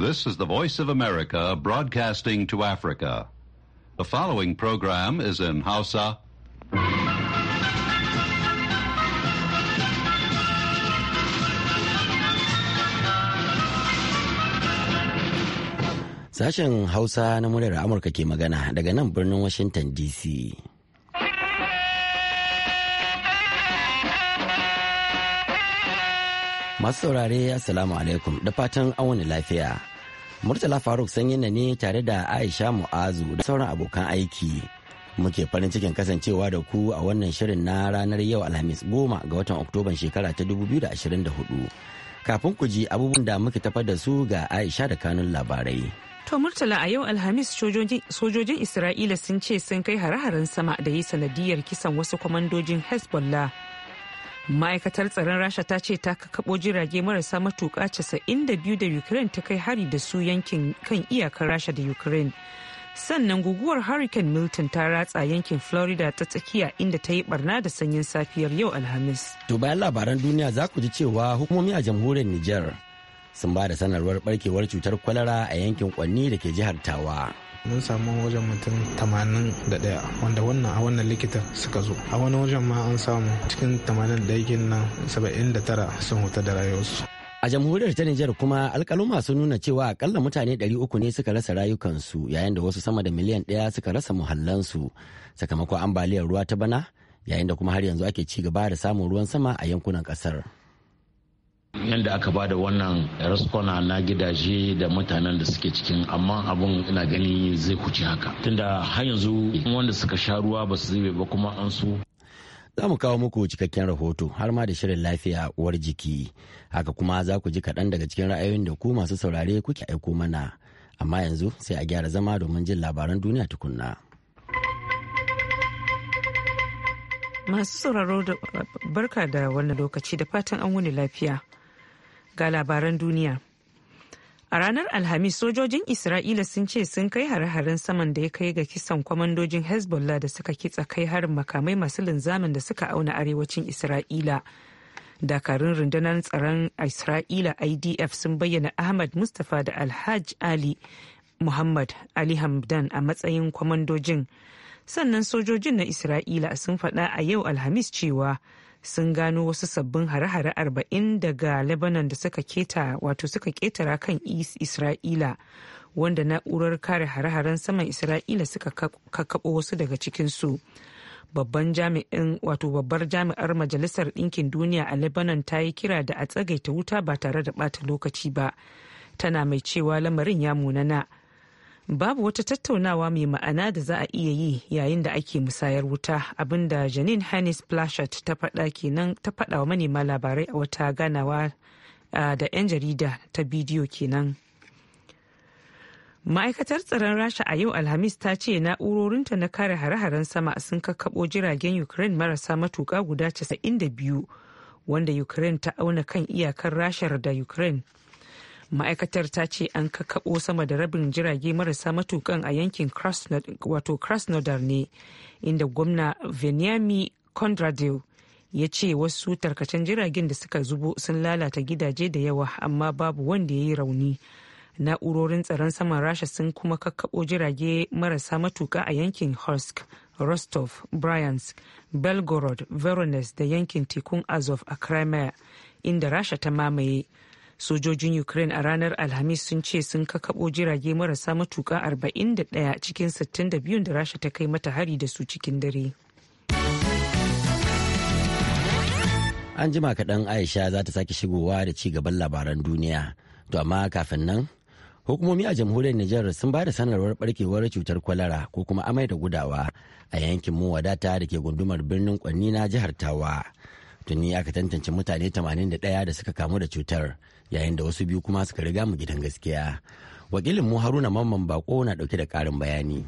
This is the Voice of America broadcasting to Africa. The following program is in Hausa. Sashen Hausa na muryar Amurka ke magana daga nan birnin Washington DC. Masu saurare Assalamu alaikum da fatan an wani lafiya. Murtala Faruk sanyi na ne tare da Aisha Mu'azu da sauran abokan aiki. Muke farin cikin kasancewa da ku a wannan shirin na ranar yau Alhamis goma ga watan Oktoban shekara ta 2024. Kafin ku ji abubuwan da muke tafar da su ga Aisha da kanun labarai. To Murtala a yau Alhamis sojojin Isra'ila sun ce sun kai hare-haren sama da yi sanadiyar kisan wasu kwamandojin Hezbollah ma'aikatar tsaron rasha ta ce ta kakabo jirage marasa matuka 92 da ukraine ta kai hari da su yankin kan iyakar rasha da ukraine sannan guguwar hurricane milton ta ratsa yankin florida ta tsakiya inda ta yi barna da sanyin safiyar yau alhamis to bayan labaran duniya za ku ji cewa hukumomi a jamhuriyar niger sun ba da sanarwar barkewar cutar kwalara a yankin kwanni da ke jihar tawa mun samu wajen mutum tamanin da daya wanda wannan a wannan likitan suka zo a wani wajen ma an samu cikin tamanin da yakin nan saba'in da tara sun huta da rayuwarsu a jamhuriyar ta Nijar kuma alkaluma sun nuna cewa akalla mutane 300 ne suka rasa rayukansu yayin da wasu sama da miliyan ɗaya suka rasa muhallansu sakamakon ambaliyar ruwa ta bana yayin da kuma har yanzu ake ci gaba da samun ruwan sama a yankunan kasar. yadda aka ba da wannan raskwana na gidaje da mutanen da suke cikin amma abun ina gani zai kuce haka tunda har yanzu wanda suka sha ruwa ba su zube ba kuma an su za mu kawo muku cikakken rahoto har ma da shirin lafiya uwar jiki haka kuma za ku ji kaɗan daga cikin ra'ayoyin da ku masu saurare kuke aiko mana amma yanzu sai a gyara zama domin jin labaran duniya tukunna. Masu sauraro da barka da wannan lokaci da fatan an wuni lafiya. ga labaran duniya. A ranar Alhamis sojojin Isra'ila sun ce sun kai hare-haren saman da ya kai ga kisan kwamandojin Hezbollah da suka kitsa kai harin makamai masu linzamin da suka auna arewacin Isra'ila. Dakarun rundunar tsaron Isra'ila IDF sun bayyana Ahmad Mustapha da Alhaj Ali Muhammad Ali Hamdan a matsayin kwamandojin. Sannan sojojin na Isra'ila sun faɗa a yau Alhamis cewa sun gano wasu sabbin hare-hare arba'in daga lebanon da suka keta wato suka ketara kan isra'ila wanda na'urar kare hare-haren saman isra'ila suka kakkaɓo wasu daga cikinsu babban jami'in wato babbar jami'ar majalisar ɗinkin duniya a lebanon ta yi kira da a tsagaita wuta ba tare da ɓata lokaci ba tana mai cewa lamarin ya munana babu wata tattaunawa mai ma'ana da za a iya yi yayin da ake musayar wuta abinda janine hannes plashat ta faɗa kenan ta faɗa wa manema labarai a wata ganawa da 'yan jarida ta bidiyo kenan ma'aikatar tsaron rasha a yau alhamis ta ce na'urorinta na kare hare-haren sama sun kakkaɓo jiragen ukraine marasa matuka guda 92 wanda ukraine ta auna kan iyakar rashar da ukraine ma'aikatar ta ce an kakabo sama da rabin jirage marasa matukan a yankin krasnodar ne inda gwamna veniami kondradil ya ce wasu tarkacen jiragen da suka zubo sun lalata gidaje da yawa amma babu wanda ya yi rauni na'urorin tsaron saman rasha sun kuma kakaɓo jirage marasa matuka a yankin horsk rostov bryansk belgorod voronezh da yankin tekun azov a crimea inda rasha ta mamaye sojojin ukraine a ranar alhamis sun ce sun kakabo jirage marasa matuka 41 cikin 62 da rasha ta kai mata hari da su cikin dare an jima kaɗan aisha za ta sake shigowa da ci gaban labaran duniya to amma kafin nan hukumomi a jamhuriyar Nijar sun ba da sanarwar barkewar cutar kwalara ko kuma amai da gudawa a yankin mu wadata da ke gundumar birnin kwanni na jihar tawa tuni aka tantance mutane 81 da suka kamu da cutar yayin da wasu biyu kuma suka riga mu gidan gaskiya wakilin mu haruna mamman bako na dauke da karin bayani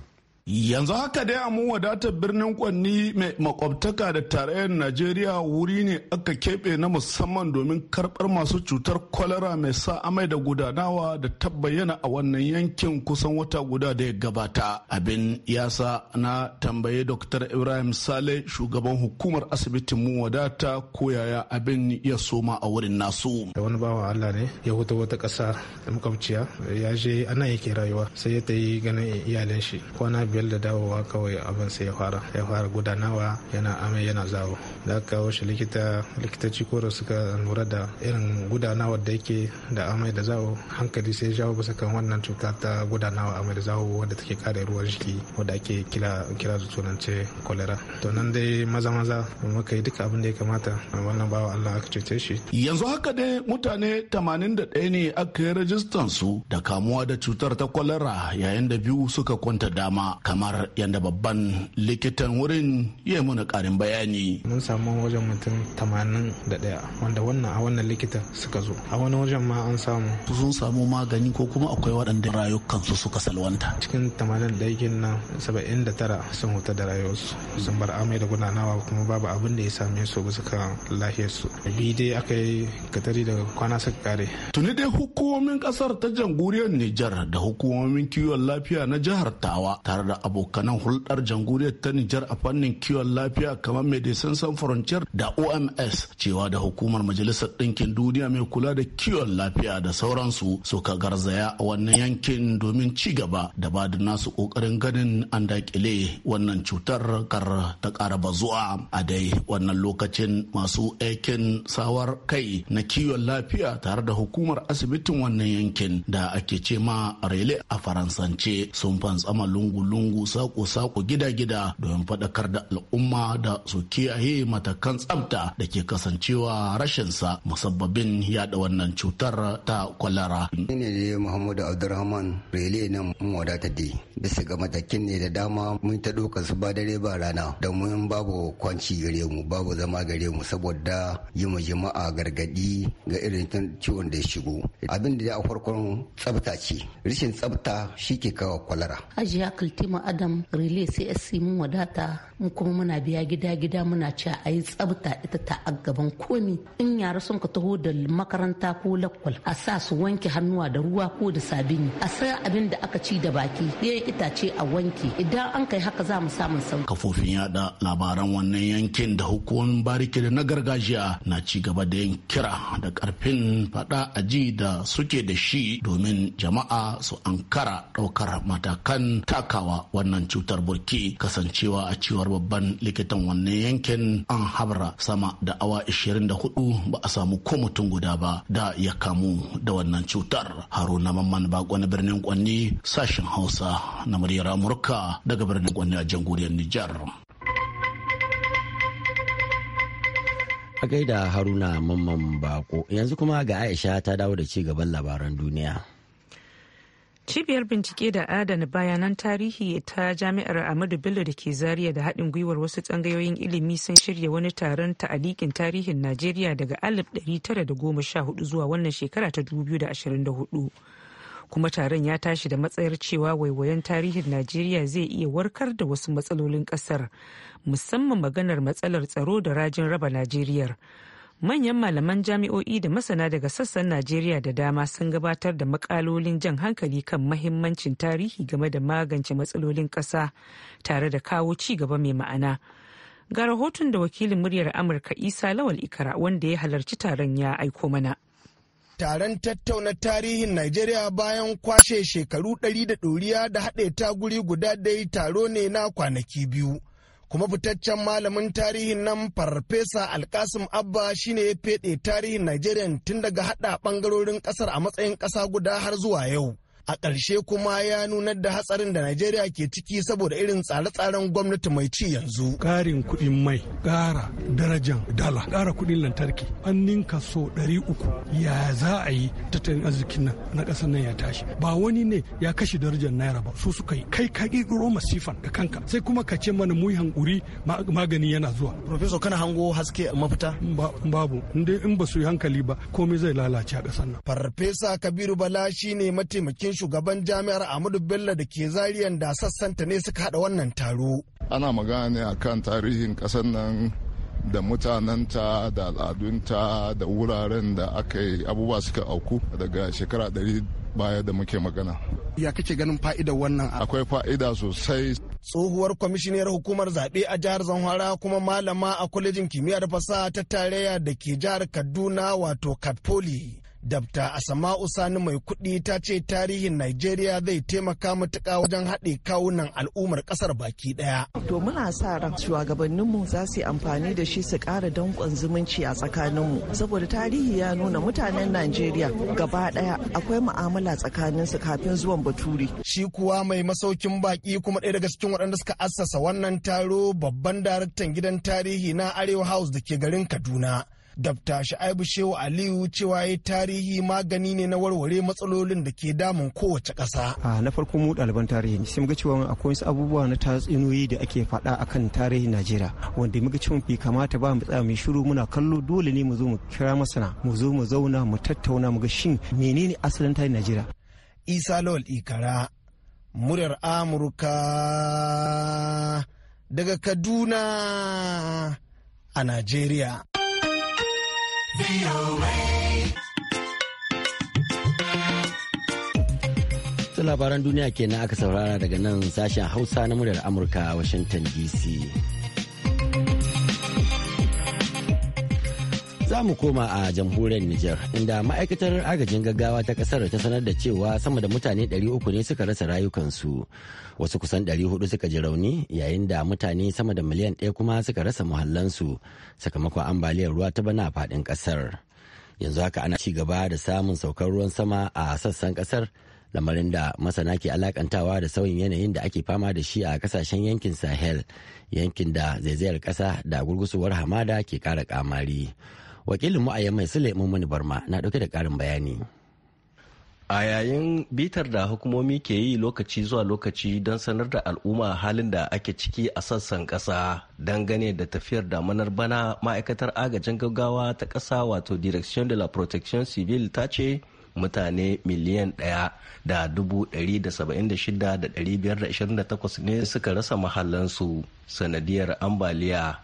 Yanzu haka dai a mun wadatar birnin Kwanni mai makwabtaka da tarayyar Najeriya wuri ne aka keɓe na musamman domin karɓar masu cutar kwalara mai sa amai da gudanawa da tabbayana a wannan yankin kusan wata guda da ya gabata. Abin yasa na tambaye Dr. Ibrahim Sale shugaban hukumar asibitin mu wadata ko abin ya soma a wurin nasu. Da wani bawa Allah ne ya huta wata ƙasa da makwabciya ya je ana yake rayuwa sai ya ta yi ganin iyalin shi kwana da dawowa kawai abin sai ya fara ya fara gudanawa yana amai yana zawo da aka kawo shi likita likitoci koro suka lura da irin gudanawar da yake da amai da zawo hankali sai jawo bisa kan wannan cuta ta gudanawa amai da zawo wadda take kare ruwan jiki wadda ake kira kira da tunance cholera to nan dai maza maza muka yi duka abin da ya kamata wannan bawa Allah aka cece shi yanzu haka dai mutane 81 ne aka yi rajistan su da kamuwa da cutar ta cholera yayin da biyu suka kwanta dama kamar yadda babban likitan wurin ya muna karin bayani mun samu wajen mutum tamanin da ɗaya wanda wannan a wannan likita suka zo a wani wajen ma an samu sun samu magani ko kuma akwai waɗanda rayukansu suka salwanta cikin tamanin da yakin na saba'in da tara sun huta da rayuwarsu sun bar amai da gudanawa kuma babu abin da ya same su ba suka lafiyarsu bi dai aka yi katari daga kwana suka kare tuni dai hukumomin kasar ta jamhuriyar nijar da hukumomin kiwon lafiya na jihar tawa tare da abokanan hulɗar jamhuriyar ta Nijar a fannin kiwon lafiya kamar Medecin Sans Frontier da OMS cewa da hukumar Majalisar Ɗinkin Duniya mai kula da kiwon lafiya da sauransu suka garzaya a wannan yankin domin ci gaba da ba da nasu ƙoƙarin ganin an dakile wannan cutar kar ta ƙara bazuwa a dai wannan lokacin masu aikin sawar kai na kiwon lafiya tare da hukumar asibitin wannan yankin da ake ce ma rele a faransance sun fantsama lungu-lungu lungu sako-sako gida-gida domin faɗakar da al'umma da su kiyaye matakan tsafta da ke kasancewa rashinsa musabbabin yada wannan cutar ta kwalara. ne ne Muhammadu Abdulrahman Rele na mun wadata dai bisa ga matakin ne da dama mun ta ɗaukar su ba dare ba rana da mun babu kwanci gare mu babu zama gare mu saboda yi ma jama'a gargadi ga irin ciwon da ya shigo abin da ya farkon tsafta ce rashin tsafta shi ke kawo kwalara. ma adam relay csc mun wadata mu kuma muna biya gida gida muna cewa a yi tsabta ita ta a gaban komi in yara sun ka taho da makaranta ko lakwal a sa su wanke hannuwa da ruwa ko da sabini a sa abin da aka ci da baki ɗaya itace a wanke idan an kai haka za mu samun sauki. kafofin yada labaran wannan yankin da hukumomin bariki da na gargajiya na ci gaba da yin kira da karfin fada aji da suke da shi domin jama'a su ankara ɗaukar matakan takawa wannan cutar burki kasancewa a cewar babban likitan wannan yankin an habra sama da awa 24 ba a samu ko mutum guda ba da ya kamu da wannan cutar haruna mamman bako na birnin kwanni sashen hausa na muryar amurka daga birnin kwanni a jamhuriyar nijar a gaida haruna mamman bako yanzu kuma ga aisha ta dawo da ci gaban labaran duniya Cibiyar bincike da adana bayanan tarihi ta jami'ar Ahmadu Bello da ke Zaria da haɗin gwiwar wasu tsangayoyin ilimi sun shirya wani taron ta'alikin tarihin Najeriya daga 1914 zuwa wannan shekara ta 2024. Kuma taron ya tashi da matsayar cewa waiwayen tarihin Najeriya zai iya warkar da wasu matsalolin ƙasar, musamman maganar matsalar tsaro da rajin raba Najeriyar. manyan malaman jami'o'i da masana daga sassan najeriya da dama sun gabatar da makalolin jan hankali kan mahimmancin tarihi game da magance matsalolin ƙasa tare da kawo ci gaba mai ma'ana ga rahoton da wakilin muryar amurka isa lawal ikara wanda ya halarci taron ya aiko mana taron tattauna tarihin Najeriya bayan kwashe shekaru ɗari da ɗoriya da haɗe ta guri guda dai taro ne na kwanaki biyu. kuma fitaccen malamin tarihin nan farfesa alkasim abba shine ya fede tarihin Najeriya tun daga hada bangarorin kasar a matsayin kasa guda har zuwa yau a ƙarshe kuma ya nunar da hatsarin da najeriya ke ciki saboda irin tsare-tsaren gwamnati mai ci yanzu ƙarin kuɗin mai ƙara darajan dala ƙara kuɗin lantarki an ninka so ɗari uku ya za a yi tattalin arzikin nan na ƙasar nan ya tashi ba wani ne ya kashe darajar naira ba su suka yi kai ka ƙirƙiro masifan da kanka sai kuma ka ce mana mu hankuri magani yana zuwa professor kana hango haske mafita babu in ba su yi hankali ba komai zai lalace a ƙasar nan farfesa kabiru bala shine mataimakin shugaban jami'ar Ahmadu Bello da ke zariyan da sassanta ne suka haɗa wannan taro. Ana magana ne akan tarihin ƙasar nan da mutanenta da al'adunta da wuraren da aka yi abubuwa suka auku daga shekara ɗari baya da muke magana. Ya kake ganin fa'idar wannan Akwai fa'ida sosai. Tsohuwar kwamishiniyar hukumar zaɓe a jihar Zamfara kuma malama a kwalejin kimiyyar fasaha ta tarayya da ke jihar Kaduna wato Katpoli. dabta asama'u sani mai kuɗi ta ce tarihin najeriya zai taimaka matuƙa wajen haɗe kawunan al'ummar ƙasar baki ɗaya to muna sa ran shugabanninmu za su yi amfani da shi su ƙara danƙon zumunci a tsakaninmu saboda tarihi ya nuna mutanen najeriya gaba ɗaya akwai mu'amala tsakaninsu kafin zuwan baturi shi kuwa mai masaukin baki kuma ɗaya daga cikin waɗanda suka assasa wannan taro babban daraktan gidan tarihi na arewa house da ke garin kaduna Dabta Sha'ibu Shehu Aliyu cewa ya tarihi magani ne na warware matsalolin da ke damun kowace ƙasa. A na farko mu ɗaliban tarihi sai muga cewa akwai wasu abubuwa na tatsuniyoyi da ake faɗa kan tarihin Najeriya wanda muga cewa bai kamata ba mu tsaya mu shiru muna kallo dole ne mu zo mu kira masana mu zo mu zauna mu tattauna muga shin menene asalin tarihin Najeriya. Isa Lawal Ikara muryar Amurka daga Kaduna a Najeriya. Su labaran duniya kenan aka saurara daga nan sashen Hausa na muryar Amurka a Washington DC. za mu koma a jamhuriyar Nijar inda ma'aikatar agajin gaggawa ta kasar ta sanar da cewa sama da mutane 300 ne suka rasa rayukansu wasu kusan 400 suka ji rauni yayin da mutane sama da miliyan ɗaya kuma suka rasa muhallansu sakamakon ambaliyar ruwa ta bana faɗin kasar yanzu haka ana ci gaba da samun saukar ruwan sama a sassan kasar lamarin da masana ke alakantawa da sauyin yanayin da ake fama da shi a kasashen yankin sahel yankin da zaizayar kasa da gurgusuwar hamada ke kara kamari wakilin mu a yamai sule mummuni barma na dauke da karin bayani a yayin bitar da hukumomi ke yi lokaci zuwa lokaci don sanar da al'umma halin da ake ciki a sassan ƙasa dangane da tafiyar damanar bana ma'aikatar agajin gaggawa ta kasa wato direction de la protection civil ta ce mutane miliyan ɗaya da dubu dari da saba'in da shida da dari biyar da ashirin da takwas ne suka rasa mahallansu sanadiyar ambaliya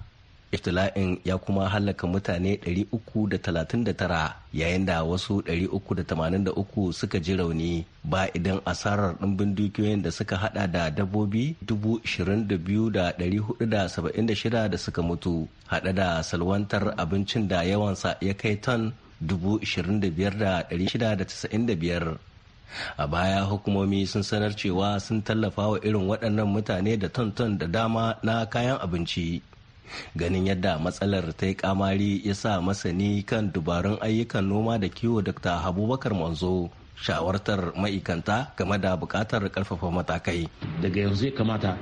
iftila'in ya kuma hallaka mutane 339 yayin da wasu 383 suka ji rauni ba idan asarar ɗumbin dukiyoyin da suka hada da dabbobi 22,476 da suka mutu hada da salwantar abincin da yawansa ya kai ton 25,695 a baya hukumomi sun sanar cewa sun tallafa wa irin waɗannan mutane da ton-ton da dama na kayan abinci ganin yadda matsalar ta yi kamari ya sa masani kan dubarun ayyukan noma da kiwo dr habubakar manzo shawartar ma'ikanta game da bukatar karfafa matakai daga yanzu ya kamata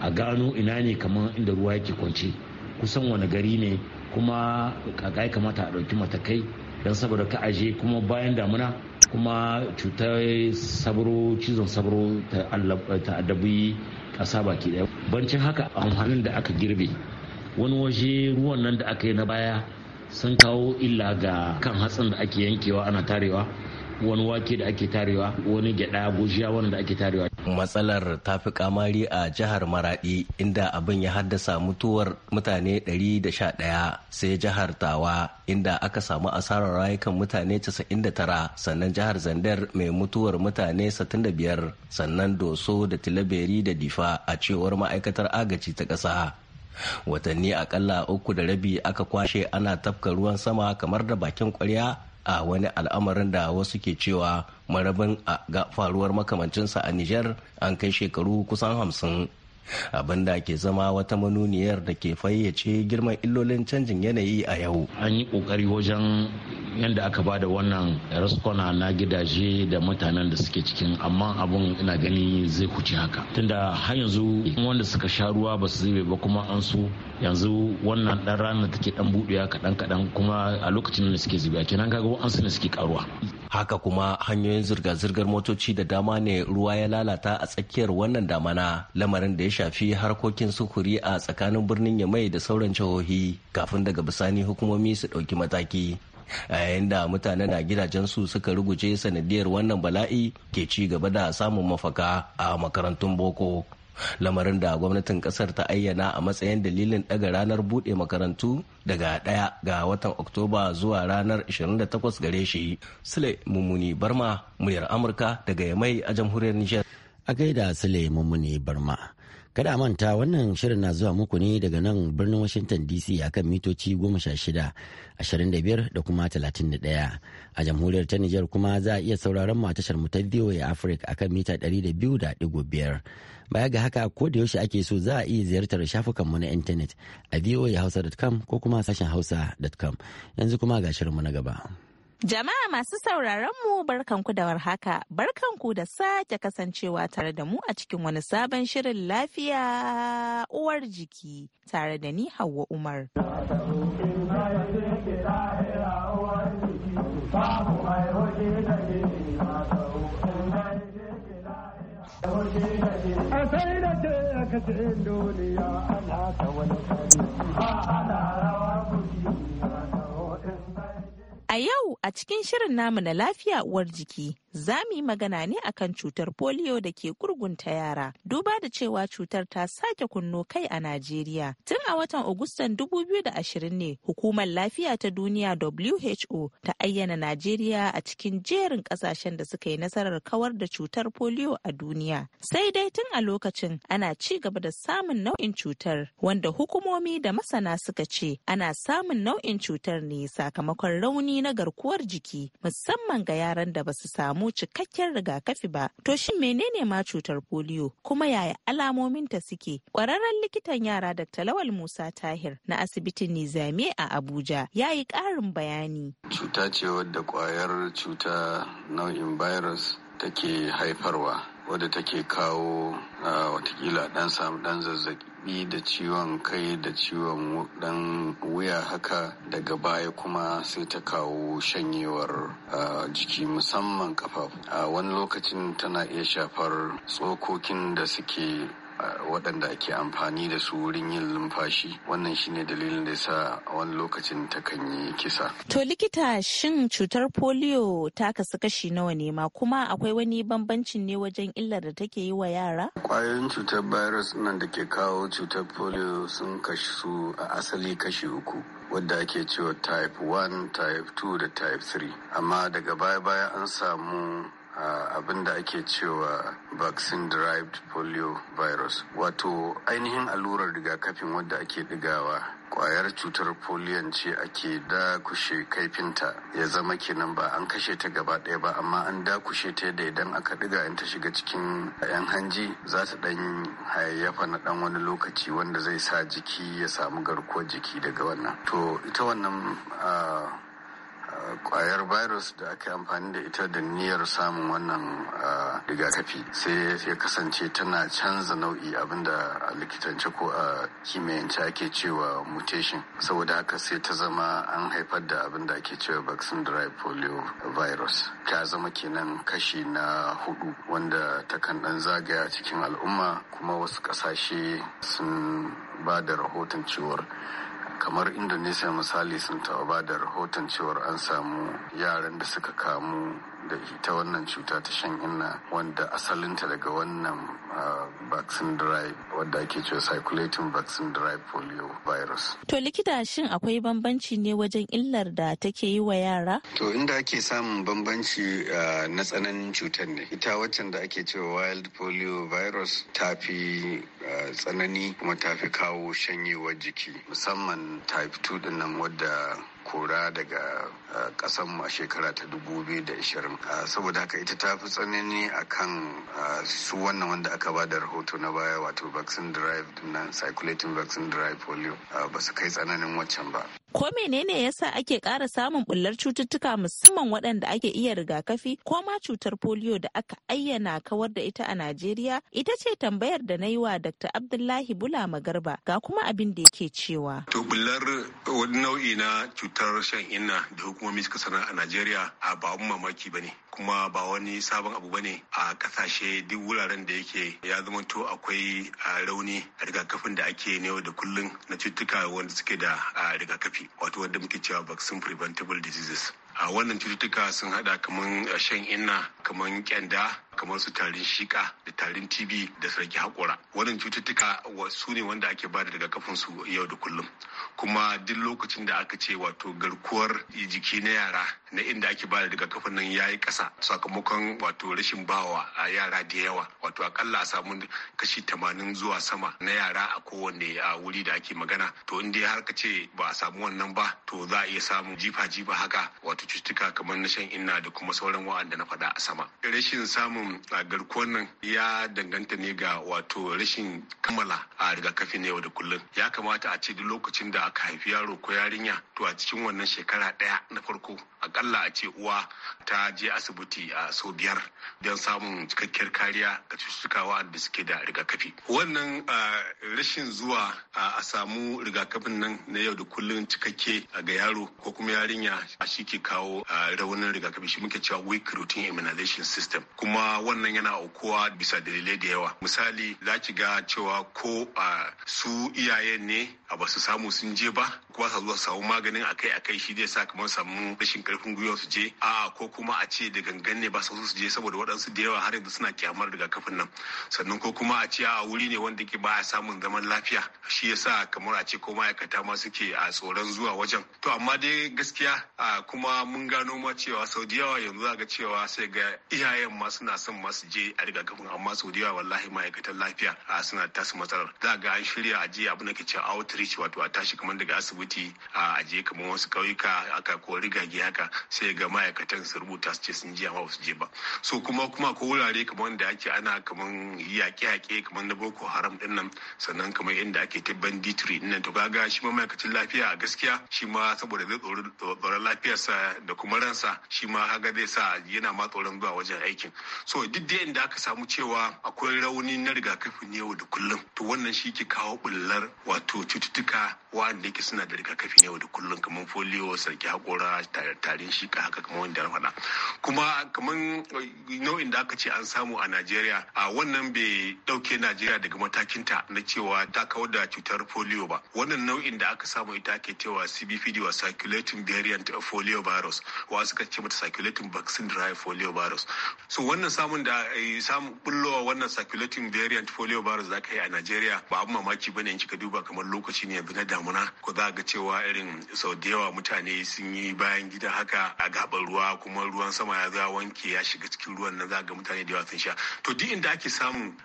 a gano ina ne kamar inda ruwa yake kwance kusan wani gari ne kuma kaka ya kamata a ɗauki matakai don saboda ka aje kuma bayan damuna kuma cutar sabro cizon sabro ta adabi ƙasa baki ɗaya bancin haka amfanin da aka girbe wani waje ruwan nan da aka yi na baya sun kawo illa ga kan hatsin da ake yankewa ana tarewa wani wake da ake tarewa wani gyada gujiya wani da ake tarewa matsalar ta fi kamari a jihar maradi inda abin ya haddasa mutuwar mutane 111 sai jihar tawa inda aka samu asarar rayukan mutane 99 sannan jihar zandar mai mutuwar mutane 65 sannan doso da tilaberi da difa a cewar ma'aikatar agaci ta ƙasa watanni akalla uku da rabi aka kwashe ana tafka ruwan sama kamar da bakin kwarya a wani al'amarin da wasu ke cewa marabin a faruwar makamancinsa a niger an kai shekaru kusan hamsin abin da ke zama wata manuniyar da ke fayyace girman illolin canjin yanayi a yau an yi kokari wajen yadda aka ba da wannan raskona na gidaje da mutanen da suke cikin amma abun ina gani zai kuce haka tunda har yanzu wanda suka sha ruwa ba su zube ba kuma an su yanzu wannan dan rana take dan buɗewa kaɗan kaɗan kuma a lokacin da suke zubewa kenan kaga an su ne suke karuwa haka kuma hanyoyin zirga-zirgar motoci da dama ne ruwa ya lalata a tsakiyar wannan damana lamarin da ya shafi harkokin sukuri a tsakanin birnin Yamai da sauran jihohi kafin daga bisani hukumomi su ɗauki mataki. a yayin da mutane na gidajensu suka ruguje sanadiyar wannan bala'i ke ci gaba da samun mafaka a makarantun boko lamarin da gwamnatin kasar ta ayyana a matsayin dalilin daga ranar buɗe makarantu daga ɗaya ga watan oktoba zuwa ranar 28 gare shi sule mummuni barma muryar amurka daga yamai a jamhuriyar nijar a gaida sule mummuni barma Kada manta wannan shirin na zuwa muku ne daga nan birnin Washington DC akan mitoci 16, 25 da kuma 31. A jamhuriyar ta Nijar kuma za a iya sauraron mu tashar mu ta VOA Africa akan mita 200.5. Baya ga haka ko da yaushe ake so za a iya ziyartar shafukanmu na intanet a voahausa.com ko kuma sashen hausa.com. Yanzu kuma ga mu na gaba. Jama'a masu sauraron mu barkanku da warhaka, barkanku da sake kasancewa tare da mu a cikin wani sabon shirin lafiya uwar jiki tare da ni Hauwa Umar. A yau a cikin shirin namu na lafiya uwar jiki za mu yi magana ne akan cutar polio da ke gurgunta yara duba da cewa cutar ta sake kunno kai a Najeriya. Tun a watan Agustan 2020 ne hukumar lafiya ta duniya WHO ta ayyana Najeriya a cikin jerin kasashen da suka yi nasarar kawar da cutar polio a duniya. Sai dai tun a lokacin ana ci gaba da samun nau'in cutar wanda hukumomi da masana suka ce ana samun nau'in cutar ne sakamakon rauni na garkuwar jiki musamman ga yaran da basu samu samu cikakken rigakafi ba. To shin menene ma cutar polio kuma yaya alamominta suke? Kwararren likitan yara da talawal Musa Tahir na asibitin Nizami a Abuja ya yi ƙarin bayani. Cuta ce wadda kwayar cuta nau'in virus take haifarwa. wadda take kawo watakila dan samu dan zazzabi da ciwon kai da ciwon dan wuya haka daga baya kuma sai ta kawo shanyewar jiki musamman kafafu a wani lokacin tana iya shafar tsokokin da suke waɗanda ake amfani da su wurin yin lumfashi wannan shine dalilin da sa wani lokacin ta kan yi kisa. To likita shin cutar polio ta kasu kashi nawa ne ma kuma akwai wani bambancin ne wajen illar da take yi wa yara? Kwayoyin cutar virus nan da ke kawo cutar polio sun kashi su a asali kashi uku. wadda ake cewa type 1, type 2 da type 3 amma daga baya-baya an samu abin da ake cewa vaccine derived polio virus wato ainihin allurar rigakafin wadda ake digawa kwayar cutar polio ce ake dakushe kaifinta ya zama kenan ba an kashe ta gaba ɗaya ba amma an dakushe ta yadda idan aka diga in ta shiga cikin yan hanji za ta ɗan hayayyafa na ɗan wani lokaci wanda zai sa jiki ya samu garkuwar jiki daga wannan to ita wannan kwayar virus da aka amfani da ita da niyyar samun wannan rigakafi sai ya kasance tana canza nau'i abinda a likitance ko a kimiyyance ake cewa mutation saboda haka sai ta zama an haifar da abinda ake cewa vaccine drive polio virus ta zama kenan kashi na hudu wanda takan dan zagaya cikin al'umma kuma wasu kasashe sun ba da rahoton cewar kamar indonesia misali sun taɓa ba da rahoton cewar an samu yaran da suka kamu da ita wannan cuta ta shan inna wanda asalinta daga wannan ah, vaccine drive wadda ake cewa circulating vaccine drive polio virus. To likita shin akwai bambanci ne wajen illar da take yi wa yara? To inda ake samun bambanci ah, na tsananin cutar ne. Ita waccan da ake cewa wild polio virus ta fi ah, tsanani kuma ta fi kawo shanyewar jiki musamman type 2 dinnan wadda kura daga kasan mu shekara ta 2020 saboda haka ita ta fi tsanani kan su wannan wanda aka ba da rahoto na baya wato vaccine drive na circulating vaccine drive polio ba su kai tsananin waccan ba ko menene yasa ake ƙara samun bullar cututtuka musamman waɗanda ake iya rigakafi ko ma cutar polio da aka ayyana kawar da ita a Najeriya ita ce tambayar da na yi wa Dr. Abdullahi Bula Magarba ga kuma abin da yake cewa. To bullar wani nau'i na cutar shan inna da hukumomi suka sanar a Najeriya a ba mamaki ba ne kuma ba wani sabon abu ba ne a kasashe duk wuraren da yake ya zama to akwai rauni a rigakafin da ake ne da kullum na cututtuka wanda suke da rigakafi wato wanda muke cewa vaccine preventable diseases a wannan cututtuka sun hada kaman shan inna kaman kyanda kamar su tarin shika da tarin tb da sarki haƙura wannan cututtuka su ne wanda ake bada daga kafin su yau da kullum kuma duk lokacin da aka ce wato garkuwar jiki na yara na inda ake bada daga kafin nan ya yi ƙasa sakamakon wato rashin bawa a yara da yawa wato akalla a samu kashi tamanin zuwa sama na yara a kowanne a wuri da ake magana to in dai har ka ce ba a samu wannan ba to za a iya samun jifa jifa haka wato cututtuka kamar na shan inna da kuma sauran wa'anda na faɗa a sama rashin samun Um, a garkuwar nan ya danganta ne ga wato rashin kammala a rigakafi na yau da kullum ya kamata a ce duk lokacin da aka haifi yaro ko yarinya to a cikin wannan shekara ɗaya na farko akalla a ce uwa ta je asibiti a sau biyar don samun cikakkiyar kariya ga cututtuka da suke da rigakafi wannan rashin zuwa a samu rigakafin nan na yau da kullum cikakke ga yaro ko kuma yarinya shi ke kawo raunin rigakafi shi muke cewa weak routine immunization system kuma wannan yana aukuwa bisa dalilai da yawa misali za ki ga cewa ko a su iyayen ne a ba su samu sun je ba kuma sa zuwa samu maganin akai akai shi zai sa kamar samu rashin karfin gwiwa su je a ko kuma a ce da gangan ne ba su su je saboda waɗansu da yawa har yanzu suna kyamar kafin nan sannan ko kuma a ce a wuri ne wanda ke baya samun zaman lafiya shi yasa kamar a ce ko ma'aikata ma suke a tsoron zuwa wajen to amma dai gaskiya kuma mun gano ma cewa sau da yawa yanzu za ga cewa sai ga iyayen ma suna son masu je a kafin amma su da yawa wallahi ma'aikatan lafiya a suna tasu matsalar za ga an shirya a je abin da ke cewa outreach wato a tashi kamar daga asibiti a je kamar wasu ƙauyuka aka ko rigage haka sai ga ma'aikatan su rubuta su ce sun je amma su je ba so kuma kuma ko wurare kamar da ake ana kamar yaƙe-yaƙe kamar na boko haram din nan sannan kamar inda ake ta ditri din nan to kaga shi ma ma'aikacin lafiya a gaskiya shi ma saboda zai tsoron lafiyarsa da kuma ransa shi ma haka zai sa yana ma tsoron zuwa wajen aikin so duk da yadda aka samu cewa akwai rauni na ne yau da kullum to wannan shi ke kawo bullar wato cututtuka wanda yake suna da rigakafi yau da kullum kamar polio sarki hakora tarin ka haka kamar wanda na faɗa kuma kamar eh, nau'in da aka ce an samu a najeriya a wannan bai ɗauke najeriya daga matakin ta na cewa ta kawar da cutar polio ba wannan nau'in da aka samu ita ke cewa cbpd wa circulating variant of polio virus wa suka ce mata circulating vaccine drive polio virus so wannan samun da eh, samun bullowa wannan circulating variant polio virus da ka yi a Najeriya ba abu mamaki bane in kika duba kamar lokaci ne na damuna ko za ga cewa irin sau da yawa mutane sun yi bayan gida haka a gaban ruwa kuma ruwan sama ya za wanke ya shiga cikin ruwan nan za ga mutane da yawa sun sha to duk inda ake samun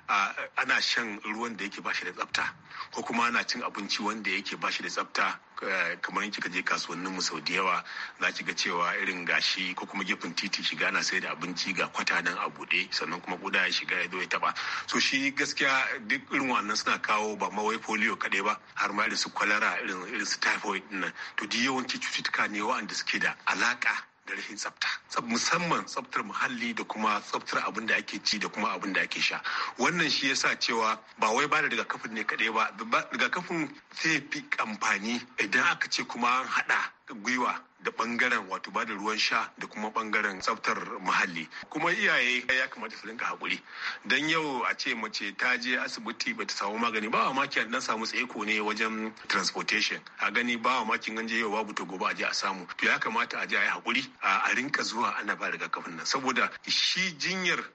ana shan ruwan da yake ba shi da tsafta ko kuma ana cin abinci wanda yake ba shi da tsafta Eh, kamar kika je kasuwannin mu sau da yawa za ki ga cewa irin gashi ko kuma gefen titi shiga na sai da abinci ga kwata nan a bude sannan kuma kuda ya shiga ya zo ya taba so shi gaskiya duk irin wannan suna kawo ba ma wai polio kaɗai ba har ma irin su kwalara irin su typhoid nan to duk yawanci cututtuka ne wa'anda suke da alaka da rashin tsafta musamman tsaftar muhalli da kuma tsaftar abin da ake ci da kuma abin da ake sha wannan shi yasa cewa ba wai ba da rigakafin ne kadai ba rigakafin zai fi amfani idan aka ce kuma an haɗa gwiwa da bangaren wato ba da ruwan sha da kuma bangaren tsaftar muhalli kuma iyaye ya kamata su rinka haƙuri don yau a ce mace ta je asibiti ba ta samu magani ba wa dan samu tsaiko ne wajen transportation a gani ba makin an je yau babu to gobe a je a samu to ya kamata a je a yi haƙuri a rinka zuwa ana ba rigakafin nan saboda shi jinyar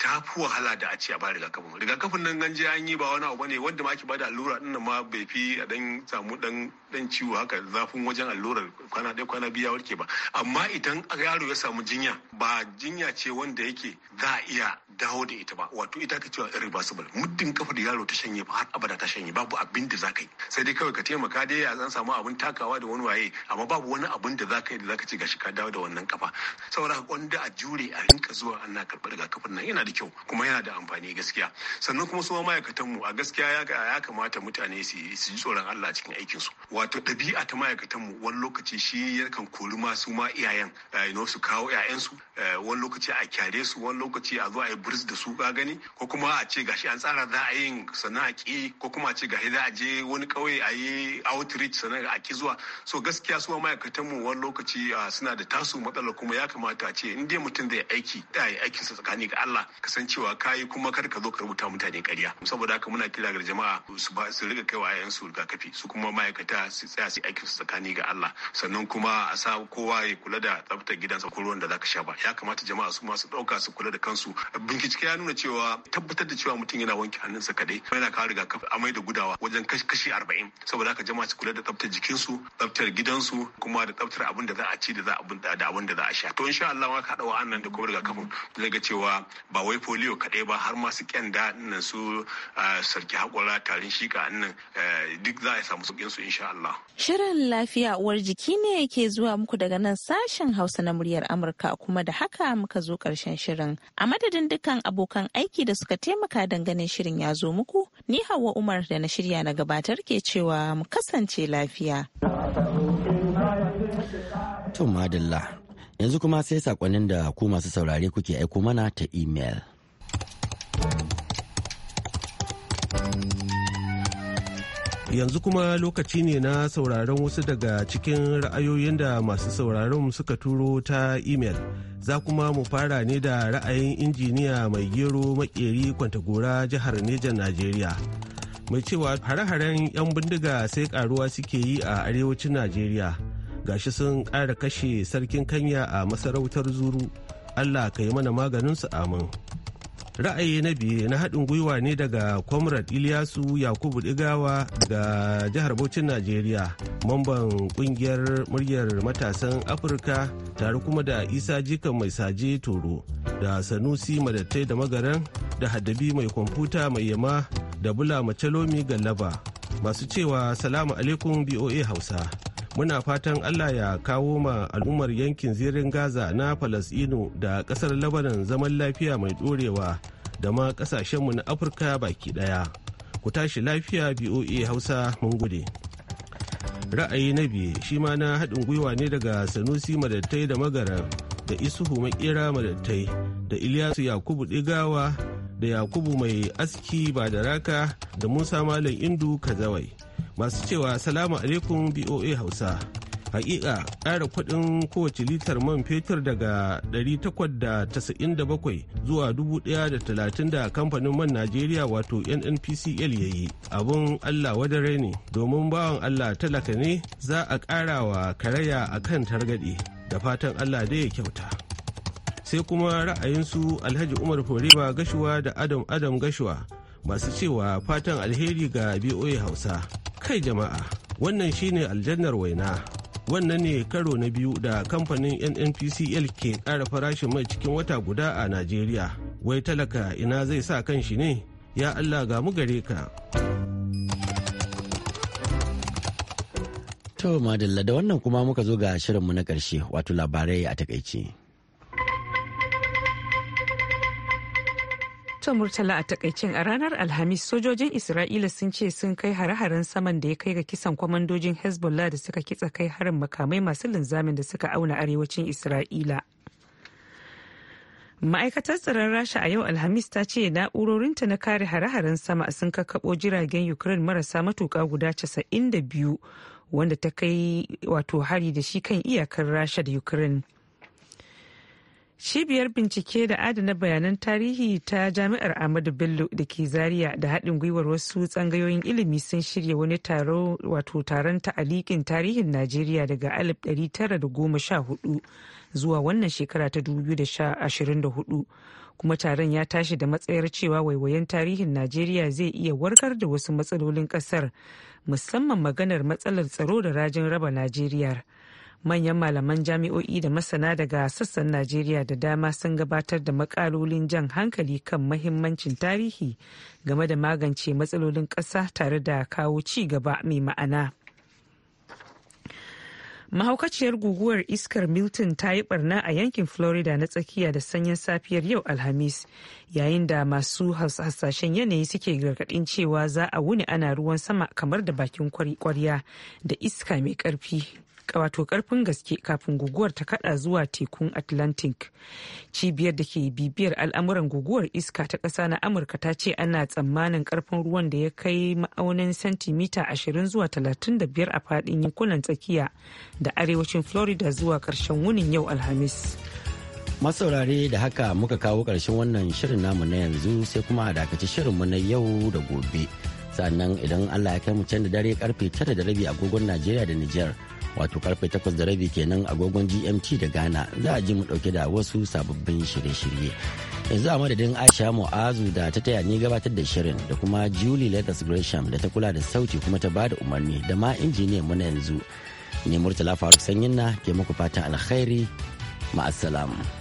ta fi wahala da a ce a ba rigakafin rigakafin nan ganje an yi ba wani abu ne wanda ma ba bada allura din ma bai fi a dan samu dan dan ciwo haka zafin wajen allurar kwana ɗaya kwana biya warke ba amma idan yaro ya samu jinya ba jinya ce wanda yake za a iya dawo da ita ba wato ita ka cewa irreversible muddin kafa da yaro ta shanye ba har abada ta shanye babu abin da za ka yi sai dai kawai ka taimaka dai a zan samu abin takawa da wani waye amma babu wani abin da za ka yi da za ka ce gashi ka dawo da wannan kafa saboda wanda a jure a rinka zuwa ana karɓar rigakafin nan yana da kyau kuma yana da amfani gaskiya sannan kuma su ma'aikatan mu a gaskiya ya kamata mutane su ji tsoron Allah cikin aikin su wato ɗabi'a ta ma'aikatan mu wani lokaci shi yakan kori ma su ma iyayen ino eh, su kawo iyayen su eh, wani lokaci a kyare su wani lokaci a zo a yi burs da su ka gani ko kuma a ce gashi an tsara za a yin sannan a ki ko kuma a ce gashi za a je wani kauye a yi outreach sannan a ki zuwa so gaskiya su ma'aikatan mu wani lokaci ah, suna da tasu matsala kuma ya kamata a ce in dai mutum zai aiki da ya aikinsa tsakani ga Allah kasancewa kayi kuma kar ka zo ka rubuta mutane ƙarya saboda haka muna kira ga jama'a su ba su riga kaiwa ayan su rigakafi su kuma ma'aikata su tsaya su aikin su tsakani ga Allah sannan kuma a sa kowa ya kula da tsaftar gidansa ko ruwan da zaka sha ba ya kamata jama'a su ma su ɗauka su kula da kansu bincike ya nuna cewa tabbatar da cewa mutum yana wanke hannunsa kadai yana kawo rigakafi amai da gudawa wajen kashi arba'in saboda haka jama'a su kula da tsaftar jikinsu tsaftar gidansu kuma da tsaftar abin da za a ci da abin da za a sha to insha Allah ma ka haɗa wa'annan da kuma rigakafin zai ga cewa ba wai polio kaɗai ba har masu kyanda nan su sarki haƙura tarin shika nan duk za a samu sauƙin su insha Allah. Shirin lafiya uwar jiki ne ke zuwa muku daga nan sashen Hausa na muryar Amurka kuma da haka muka zo ƙarshen shirin. A madadin dukkan abokan aiki da suka taimaka ganin shirin ya zo muku, ni Hauwa Umar da na shirya na gabatar ke cewa mu kasance lafiya. To Yanzu kuma sai sakonnin da ku masu saurare kuke aiko mana ta email. yanzu kuma lokaci ne na sauraron wasu daga cikin ra'ayoyin da masu sauraron suka turo ta imel za kuma mu fara ne da ra'ayin injiniya mai gero makeri kwantagora jihar nejan najeriya mai cewa hare-haren 'yan bindiga sai karuwa suke yi a arewacin najeriya gashi sun ƙara kashe sarkin kanya a masarautar zuru allah ka yi mana maganinsu amin ra'ayi na biye na haɗin gwiwa ne daga comrade iliyasu yakubu digawa ga jihar bauchin najeriya mamban ƙungiyar muryar matasan afirka tare kuma da isa jikan mai saje toro da sanusi madattai da magaran da haddabi mai kwamfuta mai yama da bula macalomi gallaba masu cewa salamu alaikum boa hausa muna fatan allah ya kawo ma al'ummar yankin zirin gaza na falasɗinu da ƙasar labanan zaman lafiya mai ɗorewa da ma kasashenmu na afirka baki ɗaya ku tashi lafiya boa hausa mun gude ra'ayi na biye shi ma na haɗin gwiwa ne daga sanusi madattai da Magarar da isuhu makera madattai da iliyasu yakubu ɗigawa da yakubu mai aski badaraka da musa malam indu kazawai masu cewa salamu alaikum boa hausa hakika ƙara kuɗin kowace litar man fetur daga 897 zuwa 1,030 da kamfanin man najeriya wato nnpcl ya yi abun allah wadare ne domin bawan allah talaka ne za a ƙara wa karaya a kan targaɗe da fatan allah da ya kyauta sai kuma ra'ayinsu alhaji umar foreba gashuwa da adam adam gashuwa masu cewa fatan alheri ga boa hausa Kai jama'a, wannan shine aljannar waina. Wannan ne karo na biyu da kamfanin NNPCL ke kara farashin mai cikin wata guda a Najeriya. Wai talaka ina zai sa kan shi ne? Ya Allah ga mu gare ka. To madalla da wannan kuma muka zo ga shirinmu na karshe wato labarai a takaice. To Murtala a takaicin a ranar Alhamis sojojin Isra'ila sun ce sun kai hare-haren saman da ya kai ga kisan kwamandojin Hezbollah da suka kitsa kai harin makamai masu linzamin da suka auna arewacin Isra'ila. Ma'aikatar tsaron Rasha a yau Alhamis ta ce na'urorinta na kare hare-haren sama sun kakkaɓo jiragen Ukraine marasa matuka guda 92 wanda ta kai wato hari da shi kan iyakar Rasha da Ukraine. Cibiyar bincike da adana bayanan tarihi ta Jami'ar Ahmadu Bello da ke Zaria da haɗin gwiwar wasu tsangayoyin ilimi sun shirya wani taro wato taron ta'alikin tarihin Najeriya daga 1914 zuwa wannan shekara ta 2024 kuma taron ya tashi da matsayar cewa waiwayen tarihin Najeriya zai iya warkar da wasu matsalolin ƙasar musamman maganar matsalar tsaro da rajin raba Najeriya. manyan malaman jami'o'i da masana daga sassan najeriya da dama sun gabatar da makalolin jan hankali kan mahimmancin tarihi game da magance matsalolin ƙasa tare da kawo ci gaba mai ma'ana mahaukaciyar guguwar iskar milton ta yi barna a yankin florida na tsakiya da sanyin safiyar yau alhamis yayin da masu hasashen yanayi suke gargadin cewa za a wuni ana ruwan sama kamar da bakin kwarya da iska mai karfi wato karfin gaske kafin guguwar ta kada zuwa tekun atlantic cibiyar da ke bibiyar al'amuran guguwar iska ta ƙasa na amurka ta ce ana tsammanin karfin ruwan da ya kai ma'aunin sentimita 20 zuwa 35 a faɗin yankunan tsakiya da arewacin florida zuwa karshen wunin yau alhamis masaurare da haka muka kawo ƙarshen wannan shirin namu na yanzu sai kuma a dakaci shirinmu na yau da gobe sannan idan allah ya kai mu can da dare karfe tara da rabi agogon najeriya da nijar wato karfe 8 da rabi kenan agogon gmt da ghana za a ji mu dauke da wasu sababbin shirye-shirye yanzu a madadin aisha mu'azu da ta taya ni gabatar da shirin da kuma julie letters gresham da ta kula da sauti kuma ta bada umarni da ma injiniyan mu yanzu ne murtala faruk sanyin na ke muku fatan alkhairi ma'asalam.